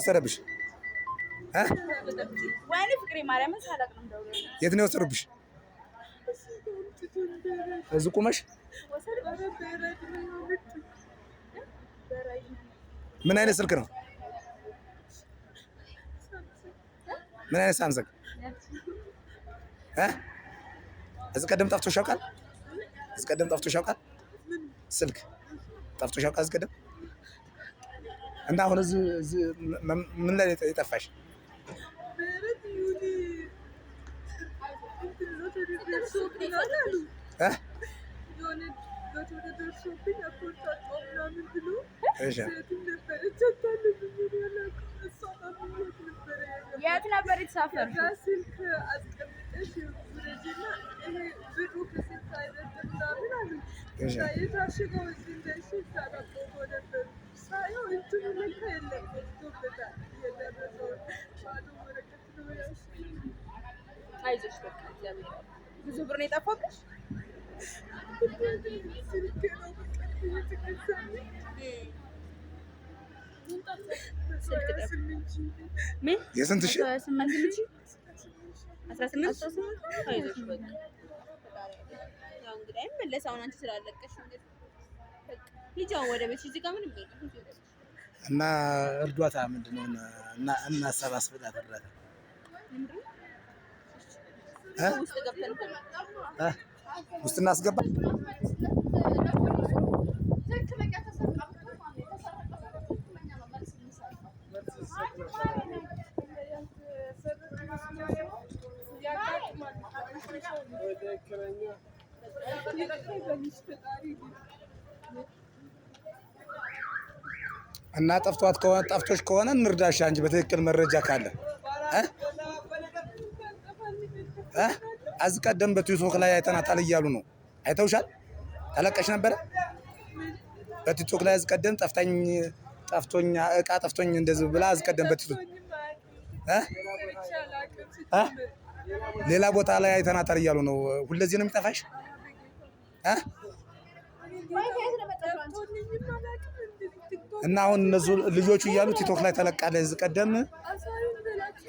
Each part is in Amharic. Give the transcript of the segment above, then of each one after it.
ወሰደብሽ? የት ነው የወሰዱብሽ? እዚህ ቁመሽ ምን አይነት ስልክ ነው? ምን አይነት ሳምሰንግ? እዚህ ቀደም ጠፍቶሽ ያውቃል? እዚህ ቀደም ጠፍቶሽ ያውቃል? ስልክ ጠፍቶሽ ያውቃል? እዚህ ቀደም እና አሁን ምን ላይ የጠፋሽ? የት ነበር የተሳፈርኩት? አይዞሽ በቃ እግዚአብሔር ብዙ ብር ነው የጠፋብሽ። የስንት ሺህ አስራ ስምንት ወደ እና እርዷታ ምንድን ነው እና እናሰባስብላት እርዳታ ውስጥ እናስገባ። እና ጠፍቷት ከሆነ ጠፍቶች ከሆነ እንርዳሻ እንጂ በትክክል መረጃ ካለ አዝቀደም በቲክቶክ ላይ አይተናታል እያሉ ነው። አይተውሻል? ተለቀሽ ነበረ በቲክቶክ ላይ አዝቀደም ጠፍታኝ ጠፍቶኛ እቃ ጠፍቶኝ እንደዚህ ብላ አዝቀደም በቲክቶክ ሌላ ቦታ ላይ አይተናታል እያሉ ነው። ሁለዚህ ነው የሚጠፋሽ? እና አሁን እነሱ ልጆቹ እያሉ ቲክቶክ ላይ ተለቃለ አዝቀደም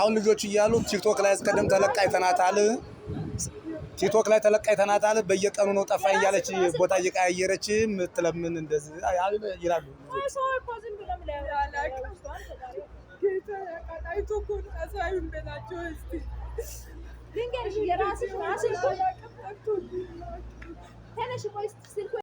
አሁን ልጆች እያሉ ቲክቶክ ላይ አስቀድም ተለቃ ይተናታል ቲክቶክ ላይ ተለቃ ይተናታል። በየቀኑ ነው ጠፋኝ እያለች ቦታ እየቀያየረች ምትለምን እንደዚህ ይላሉ።